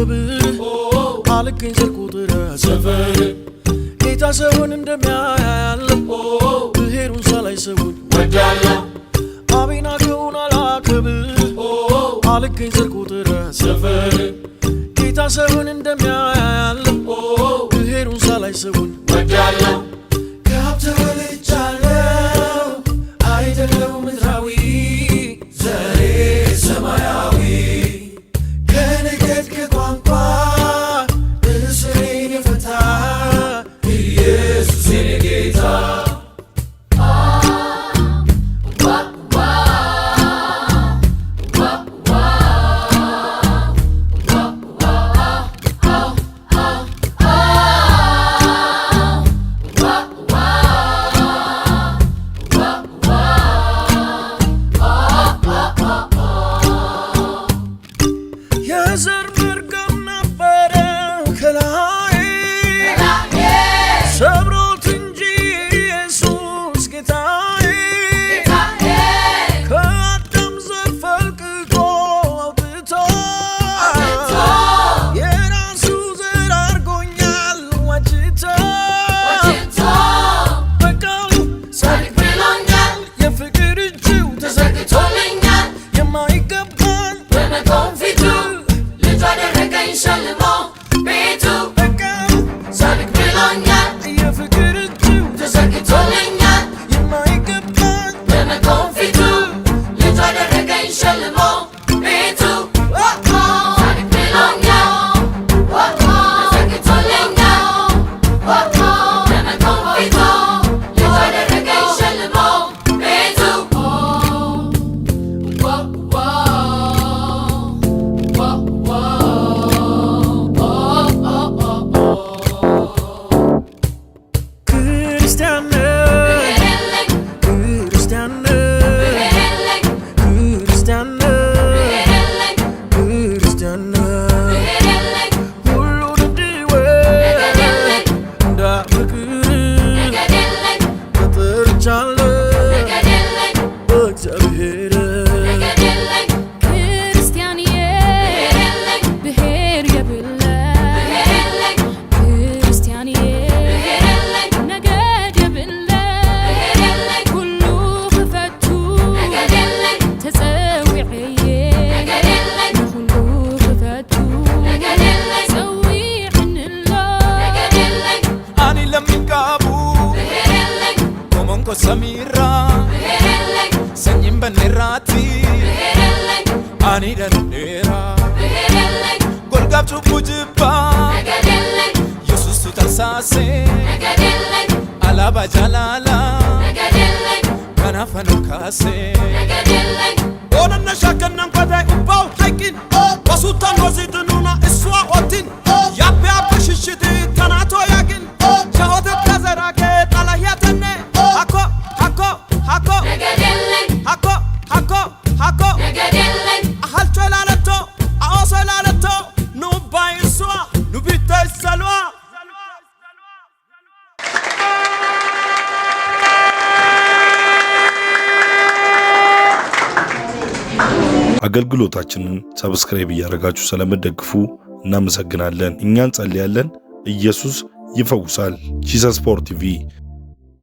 አጠገብ አልገኝ ስል ቁጥር ሰፈር ጌታ ሰውን እንደሚያያል ብሄሩን ሳላይ ሰውን ወዳላ አቤና ከውን አላከብ አልገኝ ስል ቁጥር ሰፈር ጌታ ሰውን እንደሚያያል ብሄሩን ሳላይ ሰውን ወዳላ yazar Shalom. irratti ani dandeera golgaaf cubbuu jibbaa yesuustu tarsaasee alaabaa jaalaalaa kanaaf anu kaasee. Odanna shaakkannan kwadhaa ubbaa'u haqiin basuuttaan hoosiitu አገልግሎታችንን ሰብስክራይብ እያደረጋችሁ ስለመደግፉ እናመሰግናለን። እኛ እንጸልያለን፣ ኢየሱስ ይፈውሳል። ጂሰስ ፓወር ቲቪ